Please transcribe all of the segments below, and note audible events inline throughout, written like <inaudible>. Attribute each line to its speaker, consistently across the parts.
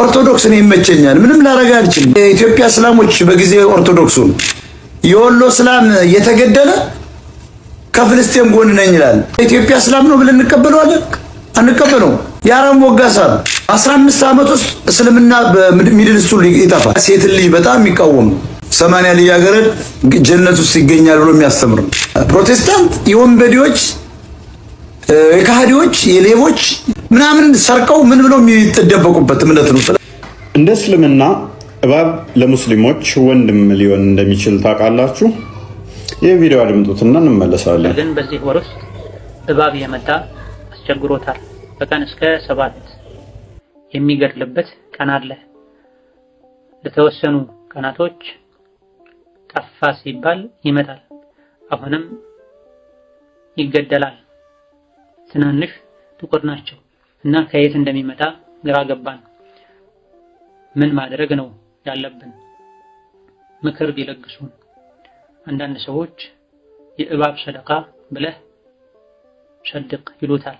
Speaker 1: ኦርቶዶክስ ነው ይመቸኛል። ምንም ላረጋ አልችልም። የኢትዮጵያ እስላሞች በጊዜ ኦርቶዶክሱ የወሎ እስላም የተገደለ ከፍልስጤም ጎን ነኝ ይላል። የኢትዮጵያ እስላም ነው ብለን እንቀበለዋለን? አንቀበለውም። የአረም ወጋሳ ነው። አስራ አምስት ዓመት ውስጥ እስልምና በሚድል ስቱ ይጠፋል። ሴት ልጅ በጣም የሚቃወም ሰማንያ ልጃገረድ ጀነት ውስጥ ይገኛል ብሎ የሚያስተምር ፕሮቴስታንት የወንበዴዎች የካህዲዎች የሌቦች ምናምን ሰርቀው ምን ብለው የሚደበቁበት እምነት ነው።
Speaker 2: እንደ እስልምና እባብ ለሙስሊሞች ወንድም ሊሆን እንደሚችል ታውቃላችሁ? ይህ ቪዲዮ አድምጡትና እንመለሳለን።
Speaker 3: ግን በዚህ ወር ውስጥ እባብ የመጣ አስቸግሮታል። በቀን እስከ ሰባት የሚገድልበት ቀን አለ። ለተወሰኑ ቀናቶች ጠፋ ሲባል ይመጣል። አሁንም ይገደላል። ትናንሽ ጥቁር ናቸው እና ከየት እንደሚመጣ ግራ ገባን። ምን ማድረግ ነው ያለብን? ምክር ቢለግሱን። አንዳንድ ሰዎች የእባብ ሰደቃ ብለህ ሰድቅ ይሉታል።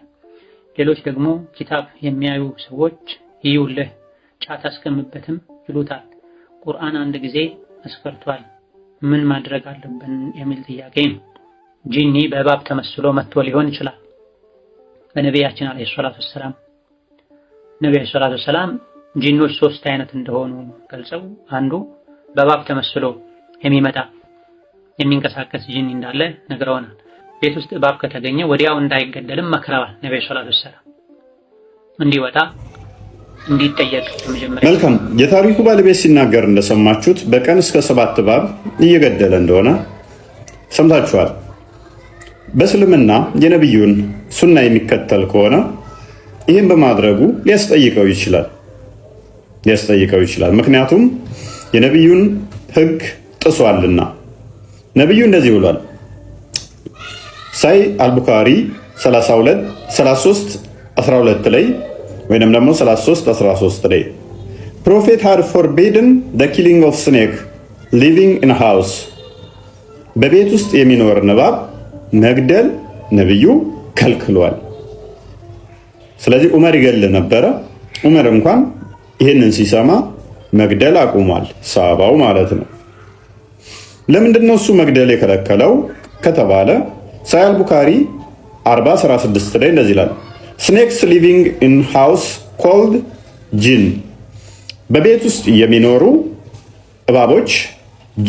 Speaker 3: ሌሎች ደግሞ ኪታብ የሚያዩ ሰዎች ይዩልህ ጫት አስቀምበትም ይሉታል። ቁርአን አንድ ጊዜ አስፈርቷል። ምን ማድረግ አለብን የሚል ጥያቄ ነው። ጂኒ በእባብ ተመስሎ መጥቶ ሊሆን ይችላል። በነቢያችን አለይሂ ሰላቱ ሰላም ነቢዩ ሰላቱ ሰላም ጂኖች ሶስት አይነት እንደሆኑ ገልጸው አንዱ በባብ ተመስሎ የሚመጣ የሚንቀሳቀስ ጂኒ እንዳለ ነግረውናል። ቤት ውስጥ እባብ ከተገኘ ወዲያው እንዳይገደልም መክረዋል ነቢዩ ሰላቱ ሰላም እንዲወጣ እንዲጠየቅ
Speaker 2: መጀመሪያ። መልካም የታሪኩ ባለቤት ሲናገር እንደሰማችሁት በቀን እስከ ሰባት እባብ እየገደለ እንደሆነ ሰምታችኋል። በእስልምና የነቢዩን ሱና የሚከተል ከሆነ ይህን በማድረጉ ሊያስጠይቀው ይችላል ሊያስጠይቀው ይችላል። ምክንያቱም የነቢዩን ህግ ጥሷልና ነቢዩ እንደዚህ ብሏል። ሳይ አልቡካሪ 33 ላይ ወይም ደግሞ 33 13 ላይ ፕሮፌት ሃድ ፎርቤድን ዘ ኪሊንግ ኦፍ ስኔክ ሊቪንግ ኢን ሃውስ በቤት ውስጥ የሚኖር ንባብ መግደል ነብዩ ከልክሏል። ስለዚህ ዑመር ይገል ነበረ። ዑመር እንኳን ይህንን ሲሰማ መግደል አቁሟል። ሳባው ማለት ነው። ለምንድን ነው እሱ መግደል የከለከለው ከተባለ ሳያል ቡካሪ 4016 ላይ እንደዚህ ይላል፣ ስኔክስ ሊቪንግ ኢን ሃውስ ኮልድ ጂን፣ በቤት ውስጥ የሚኖሩ እባቦች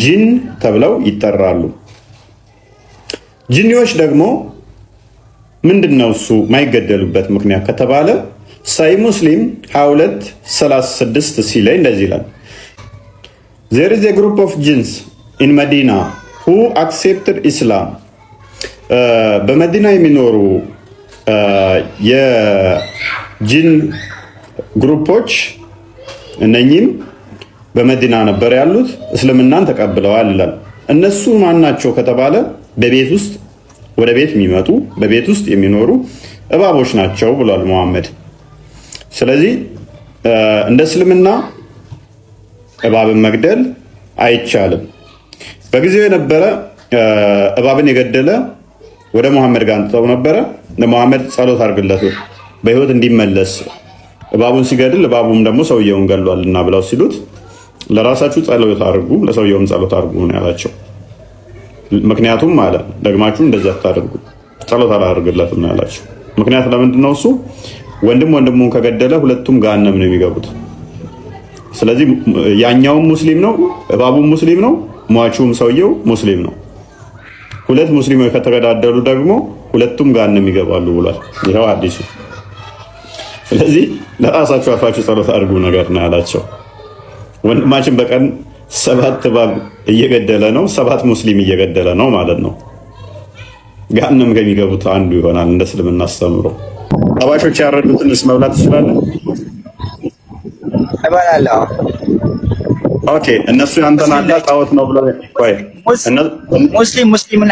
Speaker 2: ጂን ተብለው ይጠራሉ። ጅኒዎች ደግሞ ምንድን ነው እሱ የማይገደሉበት ምክንያት ከተባለ ሳይ ሙስሊም 22 36 ሲላይ እንደዚህ ይላል ዜር ኢዝ ግሩፕ ኦፍ ጂንስ ኢን መዲና ሁ አክሴፕትድ ኢስላም በመዲና የሚኖሩ uh, የጂን ግሩፖች እነኚህም በመዲና ነበር ያሉት እስልምናን ተቀብለዋል ይላል እነሱ ማን ናቸው ከተባለ በቤት ውስጥ ወደ ቤት የሚመጡ በቤት ውስጥ የሚኖሩ እባቦች ናቸው ብሏል መሐመድ። ስለዚህ እንደ እስልምና እባብን መግደል አይቻልም። በጊዜው የነበረ እባብን የገደለ ወደ መሐመድ ጋር አንጥተው ነበረ። ለመሐመድ ጸሎት አድርግለት በህይወት እንዲመለስ እባቡን ሲገድል እባቡም ደግሞ ሰውየውን ገሏልና ብለው ሲሉት ለራሳችሁ ጸሎት አድርጉ፣ ለሰውየውም ጸሎት አድርጉ ነው ያላቸው። ምክንያቱም አለ ደግማችሁ እንደዚህ አታደርጉ ጸሎት አላደርግለት ያላቸው ምክንያት ለምንድን ነው? እሱ ወንድም ወንድሙን ከገደለ ሁለቱም ገሃነም ነው የሚገቡት። ስለዚህ ያኛውም ሙስሊም ነው፣ እባቡም ሙስሊም ነው፣ ሟቹም ሰውየው ሙስሊም ነው። ሁለት ሙስሊሞች ከተገዳደሉ ደግሞ ሁለቱም ገሃነም ይገባሉ ብሏል። ይኸው አዲሱ። ስለዚህ ለራሳችሁ አፋችሁ ጸሎት አድርጉ ነገር ነው ያላቸው ወንድማችን በቀን ሰባት ባል እየገደለ ነው፣ ሰባት ሙስሊም እየገደለ ነው ማለት ነው። ጋንም ከሚገቡት አንዱ ይሆናል እንደ እስልምና አስተምሮ። ጠባሾች ያረዱትንስ መብላት ትችላለህ? እበላለሁ። ኦኬ፣ እነሱ ያንተን አላ ጣዖት ነው ብለው
Speaker 4: ሙስሊም ሙስሊምን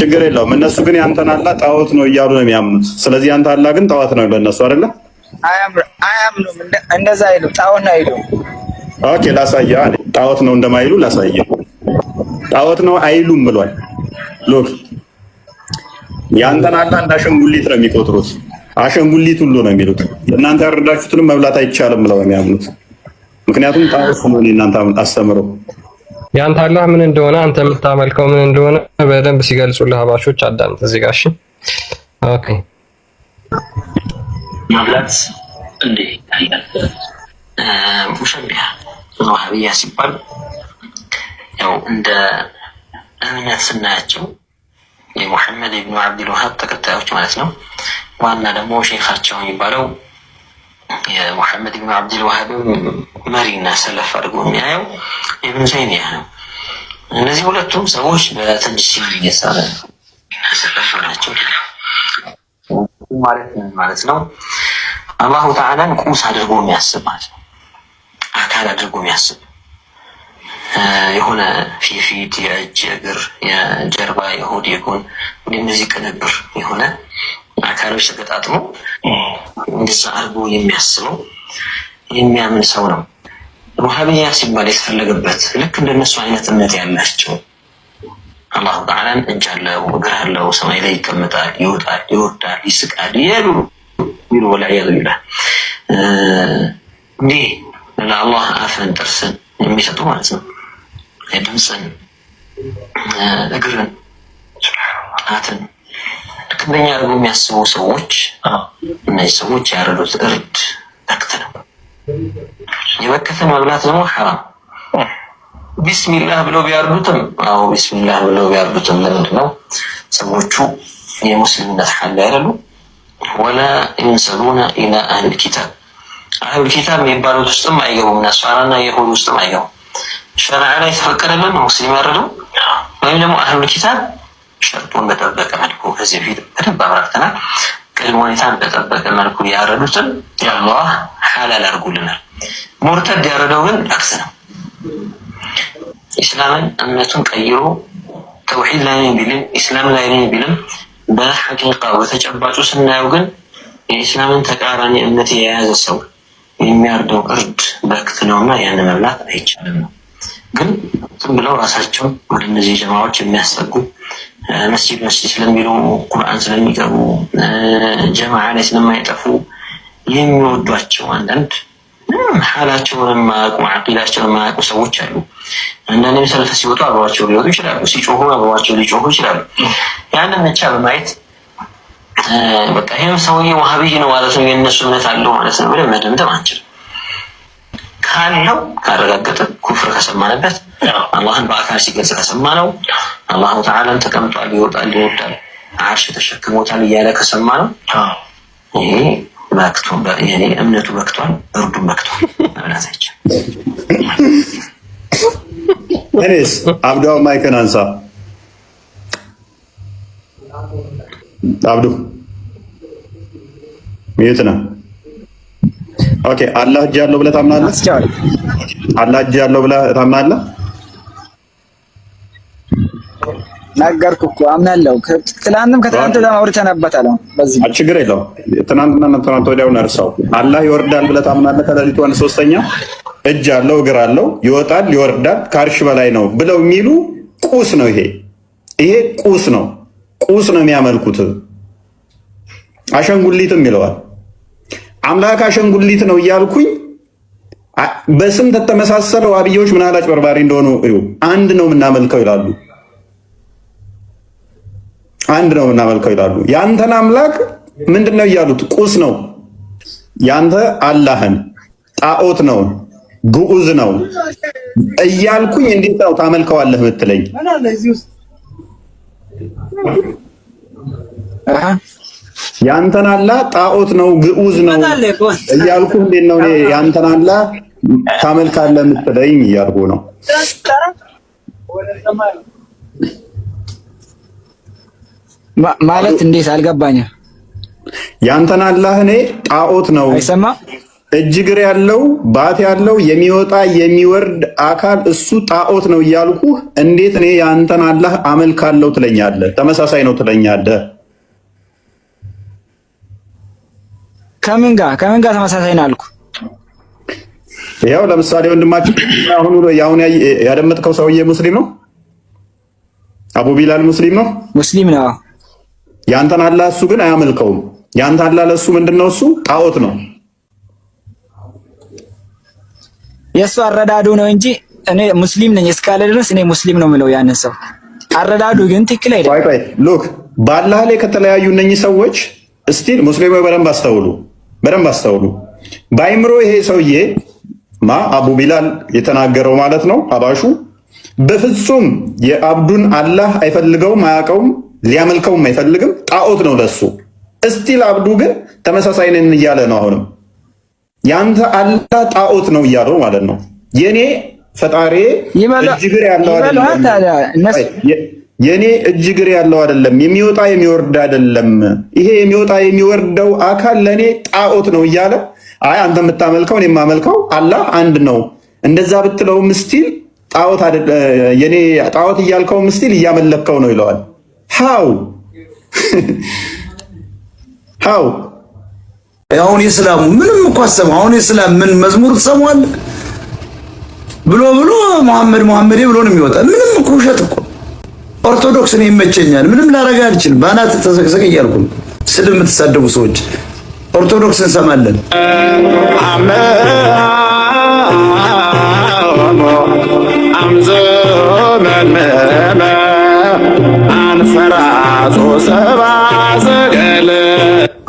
Speaker 2: ችግር የለውም። እነሱ ግን ያንተን አላ ጣዖት ነው እያሉ ነው የሚያምኑት። ስለዚህ ያንተ አላ ግን ጣዖት ነው ለእነሱ አይደለም።
Speaker 4: አያምኑም። እንደዛ አይሉም። ጣዖት ነው አይሉም
Speaker 2: ኦኬ ላሳያ ጣዖት ነው እንደማይሉ ላሳየ ጣዖት ነው አይሉም ብሏል። ሎክ ያንተን አላህ እንደ አሸንጉሊት ነው የሚቆጥሩት። አሸንጉሊት ሁሉ ነው የሚሉት። እናንተ ያረዳችሁትንም መብላት አይቻልም ብለው የሚያምኑት። ምክንያቱም ጣዖት ነው እናንተ አስተምረው ያንተ አላህ ምን እንደሆነ አንተ የምታመልከው ምን እንደሆነ በደንብ ሲገልጹልህ አባሾች አዳምጥ። እዚህ ጋር እሺ። ኦኬ
Speaker 5: መብላት እንዴ ታያለህ ሙሸቢያ ዋህብያ ሲባል ያው እንደ እምነት ስናያቸው የሙሐመድ ብኑ አብዱል ተከታዮች ማለት ነው። ዋና ደግሞ ሼካቸው የሚባለው የሙሐመድ ብኑ አብዱል መሪና ሰለፍ አድርጎ የሚያየው ኢብኑ ተይሚያ ነው። እነዚህ ሁለቱም ሰዎች እየሳለ ሰለፍ ናቸው ማለት ነው። አላሁ ተዓላን ቁስ አድርጎ የሚያስብ ማለት ነው። አካል አድርጎ የሚያስብ የሆነ ፊፊድ የእጅ የእግር የጀርባ የሆድ የጎን እንደነዚህ ቅንብር የሆነ አካሎች ተገጣጥሞ እንደዛ አድርጎ የሚያስበው የሚያምን ሰው ነው። ውሃብያ ሲባል የተፈለገበት ልክ እንደነሱ አይነት እምነት ያላቸው አላሁ ተዓላን እጅ አለው እግር አለው ሰማይ ላይ ይቀመጣል፣ ይወጣል፣ ይወርዳል፣ ይስቃል ይሉ ይሉ ወላያ ይላል እንዲህ ለአላህ አፍን፣ ጥርስን የሚሰጡ ማለት ነው። ድምፅን፣ እግርን፣ ጣትን እንደኛ አድርጎ የሚያስቡ ሰዎች እነዚህ ሰዎች ያረዱት እርድ በክት ነው። የበከተ መብላት ደግሞ ሐራም። ቢስሚላህ ብለው ቢያርዱትም፣ አዎ ቢስሚላህ ብለው ቢያርዱትም ለምንድን ነው ሰዎቹ የሙስሊምነት ሐል አይደሉ? ወላ ዩንሰሉነ ኢላ አህል ኪታብ አህል ኪታብ የሚባሉት ውስጥም አይገቡም። ነሷራና የሁድ ውስጥም አይገቡም። ሸርዓ ላይ የተፈቀደልን ሙስሊም ያደረገው ወይም ደግሞ አህል ኪታብ ሸርጡን በጠበቀ መልኩ ከዚህ በፊት በደንብ አብራርተናል። ቅድመ ሁኔታን በጠበቀ መልኩ ያረዱትን የአላህ ሐላል አድርጉልናል። ሙርተድ ያረደው ግን አክስ ነው። ኢስላምን እምነቱን ቀይሮ ተውሒድ ላይ ቢልም ኢስላም ላይ ቢልም በሐቂቃ በተጨባጩ ስናየው ግን የኢስላምን ተቃራኒ እምነት የያዘ ሰው የሚያርደው እርድ በክት ነው እና ያን መብላት አይቻልም ነው። ግን ዝም ብለው ራሳቸው ወደ እነዚህ ጀማዎች የሚያሰጉ መስጂድ መስጂድ ስለሚሉ ቁርአን ስለሚቀሩ ጀማ ላይ ስለማይጠፉ የሚወዷቸው አንዳንድ ሐላቸውን የማያውቁ አቂዳቸውን የማያውቁ ሰዎች አሉ። አንዳንድ ሰለፍ ሲወጡ አብሯቸው ሊወጡ ይችላሉ። ሲጮሁ አብሯቸው ሊጮሁ ይችላሉ። ያንን ብቻ በማየት በቃ ይህም ሰውዬ ዋህብይ ነው ማለት ነው። የእነሱ እምነት አለው ማለት ነው ብለን መደምደም አንችልም። ካለው ካረጋገጠ ኩፍር ከሰማንበት አላህን በአካል ሲገልጽ ከሰማ ነው። አላሁ ተዓላን ተቀምጧል፣ ይወጣል፣ ይወርዳል፣ አርሽ ተሸክሞታል እያለ ከሰማ ነው። ይሄ እምነቱ በክቷል፣ እርዱም በክቷል መብላት አይችል
Speaker 2: እኔስ አብዶ ማይከን አንሳ አብዱ ሚዩት ነው? ኦኬ አላህ እጅ ያለው ብለህ ታምናለህ? አላህ እጅ ያለው ብለህ ታምናለህ?
Speaker 4: ነገርኩ እኮ አምናለሁ። ትናንትም ከትናንት ወዲያ አውርተንበታል። በዚህ ችግር የለው። ትናንትና ትናንት ወዲያውን እርሳው። አላህ ይወርዳል ብለህ ታምናለህ? ከሌሊቱ አንድ ሶስተኛ እጅ አለው እግር አለው ይወጣል ይወርዳል ከአርሽ በላይ ነው ብለው የሚሉ ቁስ ነው ይሄ። ይሄ ቁስ ነው ቁስ ነው የሚያመልኩት። አሸንጉሊትም ይለዋል አምላክ አሸንጉሊት ነው እያልኩኝ በስም ተተመሳሰለው አብዮች ምን ያህል አጭበርባሪ እንደሆኑ እዩ። አንድ ነው የምናመልከው ይላሉ። አንድ ነው የምናመልከው ይላሉ። ያንተን አምላክ ምንድን ነው እያሉት ቁስ ነው። ያንተ አላህን ጣዖት ነው ግዑዝ ነው እያልኩኝ እንዴት ነው ታመልከዋለህ ምትለኝ? ያንተን አላህ ጣዖት ነው ግዑዝ ነው እያልኩ እንዴት ነው እኔ ያንተን አላህ ታመልካለህ የምትለኝ እያልኩ ነው። ማለት እንዴት አልገባኝም። ያንተን አላህ እኔ ጣዖት ነው አይሰማ እጅ እግር ያለው ባት ያለው የሚወጣ የሚወርድ አካል እሱ ጣዖት ነው እያልኩ እንዴት እኔ ያንተን አላህ አመልካለሁ ትለኛለህ? ተመሳሳይ ነው ትለኛለህ። ከምን ጋር ከምን ጋር ተመሳሳይ ነው አልኩ። ለምሳሌ ወንድማችን አሁን ያሁን ያደመጥከው ሰውዬ ሙስሊም ነው፣ አቡ ቢላል ሙስሊም ነው፣ ሙስሊም ነው። ያንተን አላህ እሱ ግን አያመልከውም። ያንተ አላህ ለሱ ምንድነው እሱ ጣዖት ነው። የእሱ አረዳዱ ነው እንጂ እኔ ሙስሊም ነኝ እስካለ ድረስ እኔ ሙስሊም ነው የምለው ያንን ሰው አረዳዱ ግን ትክክል አይደለም። ባላህ ላይ ከተለያዩ እነኚህ ሰዎች እስቲል ሙስሊሞች በደንብ አስተውሉ። በደንብ አስተውሉ። በአይምሮ ይሄ ሰውዬ ማ አቡ ቢላል የተናገረው ማለት ነው አባሹ በፍጹም የአብዱን አላህ አይፈልገውም፣ አያውቀውም፣ ሊያመልከውም አይፈልግም። ጣዖት ነው ለሱ። እስቲል አብዱ ግን ተመሳሳይ ነን እያለ ነው። አሁንም ያንተ አላህ ጣዖት ነው እያለው ማለት ነው። የእኔ ፈጣሪ እጅግር ያለው የኔ እጅ እግር ያለው አይደለም፣ የሚወጣ የሚወርድ አይደለም። ይሄ የሚወጣ የሚወርደው አካል ለኔ ጣዖት ነው እያለ አይ አንተ የምታመልከው እኔ የማመልከው አላህ አንድ ነው እንደዛ ብትለው ምስቲል ጣዖት የኔ ጣዖት እያልከው ምስቲል እያመለከው ነው ይለዋል። ሃው <laughs> ሃው አሁን የስላሙ ምንም እኮ አሰማ አሁን የስላም ምን መዝሙር ትሰማዋል ብሎ ብሎ መሐመድ መሐመድ ብሎ ነው የሚወጣ ምንም እኮ ውሸት እኮ ኦርቶዶክስ ነው ይመቸኛል። ምንም ላረጋ አልችልም። በአናት ተሰቅሰቅ እያልኩ ስል የምትሳደቡ ሰዎች ኦርቶዶክስ እንሰማለን።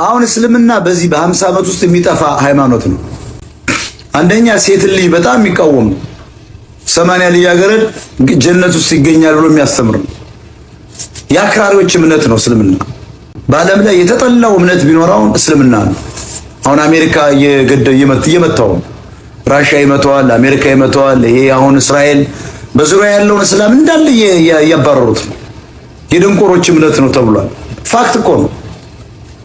Speaker 4: አሁን እስልምና በዚህ በ50 ዓመት ውስጥ የሚጠፋ ሃይማኖት ነው። አንደኛ ሴት ልጅ በጣም የሚቃወም ነው። ሰማንያ ልጃገረድ ጀነት ውስጥ ይገኛል ብሎ የሚያስተምር ነው። የአክራሪዎች እምነት ነው እስልምና። በዓለም ላይ የተጠላው እምነት ቢኖራውን እስልምና ነው። አሁን አሜሪካ እየመታው ራሽያ ይመተዋል፣ አሜሪካ ይመተዋል። ይሄ አሁን እስራኤል በዙሪያ ያለውን እስላም እንዳለ እያባረሩት ነው። የደንቆሮች እምነት ነው ተብሏል። ፋክት እኮ ነው።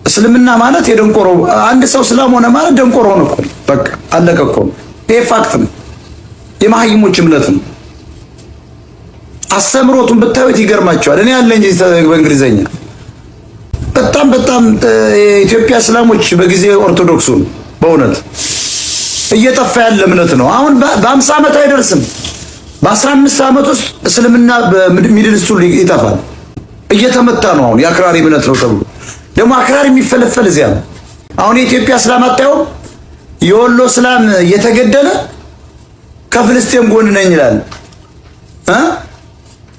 Speaker 4: እስልምና ማለት የደንቆሮ አንድ ሰው እስላም ሆነ ማለት ደንቆሮ ሆነ እኮ በቃ አለቀ እኮ ነው። ይሄ ፋክት ነው። የመሀይሞች እምነት ነው። አስተምሮቱን ብታዩት ይገርማቸዋል። እኔ ያለኝ በእንግሊዘኛ በጣም በጣም የኢትዮጵያ እስላሞች በጊዜ ኦርቶዶክሱን በእውነት እየጠፋ ያለ እምነት ነው። አሁን በአምሳ ዓመት አይደርስም። በአስራ አምስት ዓመት ውስጥ እስልምና በሚድል ይጠፋል። እየተመታ ነው። አሁን የአክራሪ እምነት ነው ተብሎ ደግሞ አክራሪ የሚፈለፈል እዚያ ነው። አሁን የኢትዮጵያ እስላም አታየውም። የወሎ እስላም እየተገደለ ከፍልስጤም ጎን ነኝ ይላል።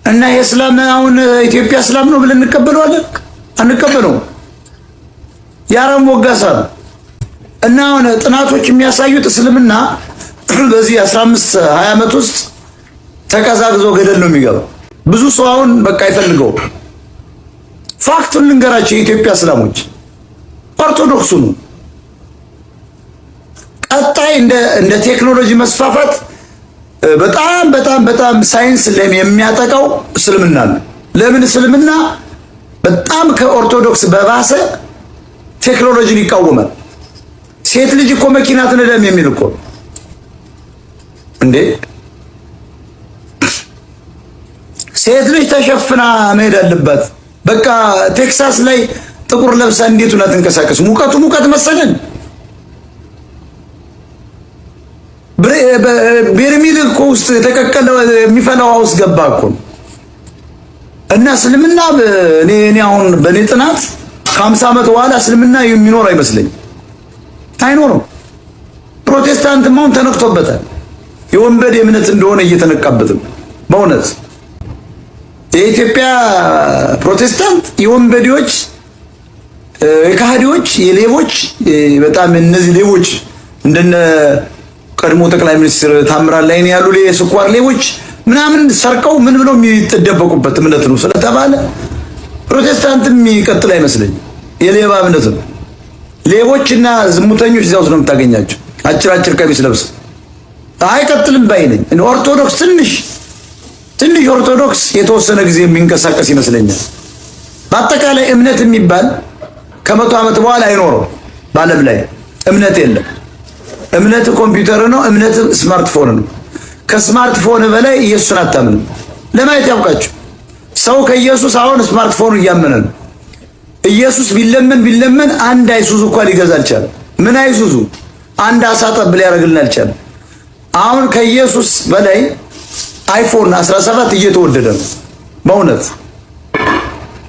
Speaker 4: እና የእስላም አሁን ኢትዮጵያ እስላም ነው ብለን እንቀበለዋለን? አንቀበለው። የአረም ወጋሳ ነው። እና አሁን ጥናቶች የሚያሳዩት እስልምና በዚህ 15 20 ዓመት ውስጥ ተቀዛቅዞ ገደል ነው የሚገባው። ብዙ ሰው አሁን በቃ አይፈልገው። ፋክቱን ልንገራቸው። የኢትዮጵያ እስላሞች ኦርቶዶክሱ ነው ቀጣይ እንደ ቴክኖሎጂ መስፋፋት በጣም በጣም በጣም ሳይንስ የሚያጠቃው እስልምና ነው። ለምን እስልምና በጣም ከኦርቶዶክስ በባሰ ቴክኖሎጂን ይቃወማል። ሴት ልጅ እኮ መኪና ትነዳም የሚል እኮ እንዴ! ሴት ልጅ ተሸፍና መሄድ አለባት። በቃ ቴክሳስ ላይ ጥቁር ለብሳ እንዴት ሆና ትንቀሳቀስ? ሙቀቱ ሙቀት መሰለን በርሜል እኮ ውስጥ የተቀቀለ የሚፈላው ውስጥ ገባ እኮ እና እስልምና እኔ እኔ አሁን በእኔ ጥናት ከሀምሳ ዓመት በኋላ እስልምና የሚኖር አይመስለኝም። አይኖርም። ፕሮቴስታንትም አሁን ተነክቶበታል። የወንበዴ እምነት እንደሆነ እየተነቃበትም በእውነት የኢትዮጵያ ፕሮቴስታንት የወንበዴዎች የካህዲዎች የሌቦች በጣም እነዚህ ሌቦች እንደነ ቀድሞ ጠቅላይ ሚኒስትር ታምራት ላይኔ ያሉ የስኳር ሌቦች ምናምን ሰርቀው ምን ብለው የሚደበቁበት እምነት ነው ስለተባለ ፕሮቴስታንት የሚቀጥል አይመስለኝ። የሌባ እምነት ነው። ሌቦችና ዝሙተኞች እዚያ ውስጥ ነው የምታገኛቸው። አጭር አጭር ቀሚስ ለብሰው አይቀጥልም ባይ ነኝ። ኦርቶዶክስ ትንሽ ትንሽ ኦርቶዶክስ የተወሰነ ጊዜ የሚንቀሳቀስ ይመስለኛል። በአጠቃላይ እምነት የሚባል ከመቶ ዓመት በኋላ አይኖረው። በዓለም ላይ እምነት የለም። እምነት ኮምፒውተር ነው። እምነት ስማርትፎን ነው። ከስማርትፎን በላይ ኢየሱስን አታምንም። ለማየት ያውቃችሁ ሰው ከኢየሱስ አሁን ስማርትፎኑ እያመነ ነው። ኢየሱስ ቢለመን ቢለመን አንድ አይሱዙ እንኳን ሊገዛ አልቻለም። ምን አይሱዙ አንድ አሳ ጠብ ሊያደርግልን አልቻለም። አሁን ከኢየሱስ በላይ አይፎን 17 እየተወደደ ነው። በእውነት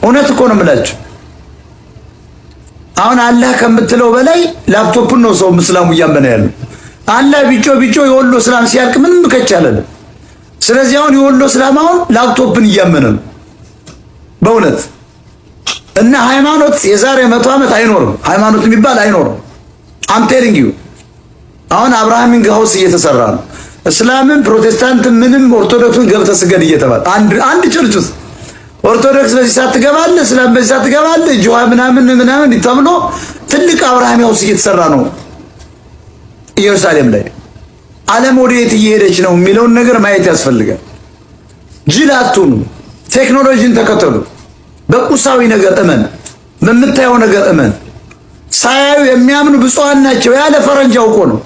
Speaker 4: እውነት እኮ ነው የምላችሁ። አሁን አላህ ከምትለው በላይ ላፕቶፕን ነው ሰው እስላሙ እያመነ ያለ። አላህ ቢጮ ቢጮ የወሎ እስላም ሲያልቅ ምንም ከቻለን። ስለዚህ አሁን የወሎ እስላም አሁን ላፕቶፕን እያመነ ነው በእውነት እና ሃይማኖት የዛሬ መቶ ዓመት አይኖርም። ሃይማኖት የሚባል አይኖርም። ቴሊንግ ዩ አሁን አብርሃም ሀውስ እየተሰራ ነው። እስላምን ፕሮቴስታንትን ምንም ኦርቶዶክስን ገብተህ ስገድ እየተባለ አንድ አንድ ቸርች ውስጥ ኦርቶዶክስ በዚህ ሰዓት ትገባለህ፣ እስላም በዚህ ሰዓት ትገባለህ፣ ጅዋ ምናምን ምናምን ተብሎ ትልቅ አብርሃም ያውስ እየተሰራ ነው። ኢየሩሳሌም ላይ ዓለም የት እየሄደች ነው የሚለውን ነገር ማየት ያስፈልጋል። ጅል ቴክኖሎጂን ተከተሉ። በቁሳዊ ነገር እመን፣ በምታየው ነገር እመን። ሳያዩ የሚያምኑ ብፁዓን ናቸው ያለ ፈረንጅ አውቆ ነው።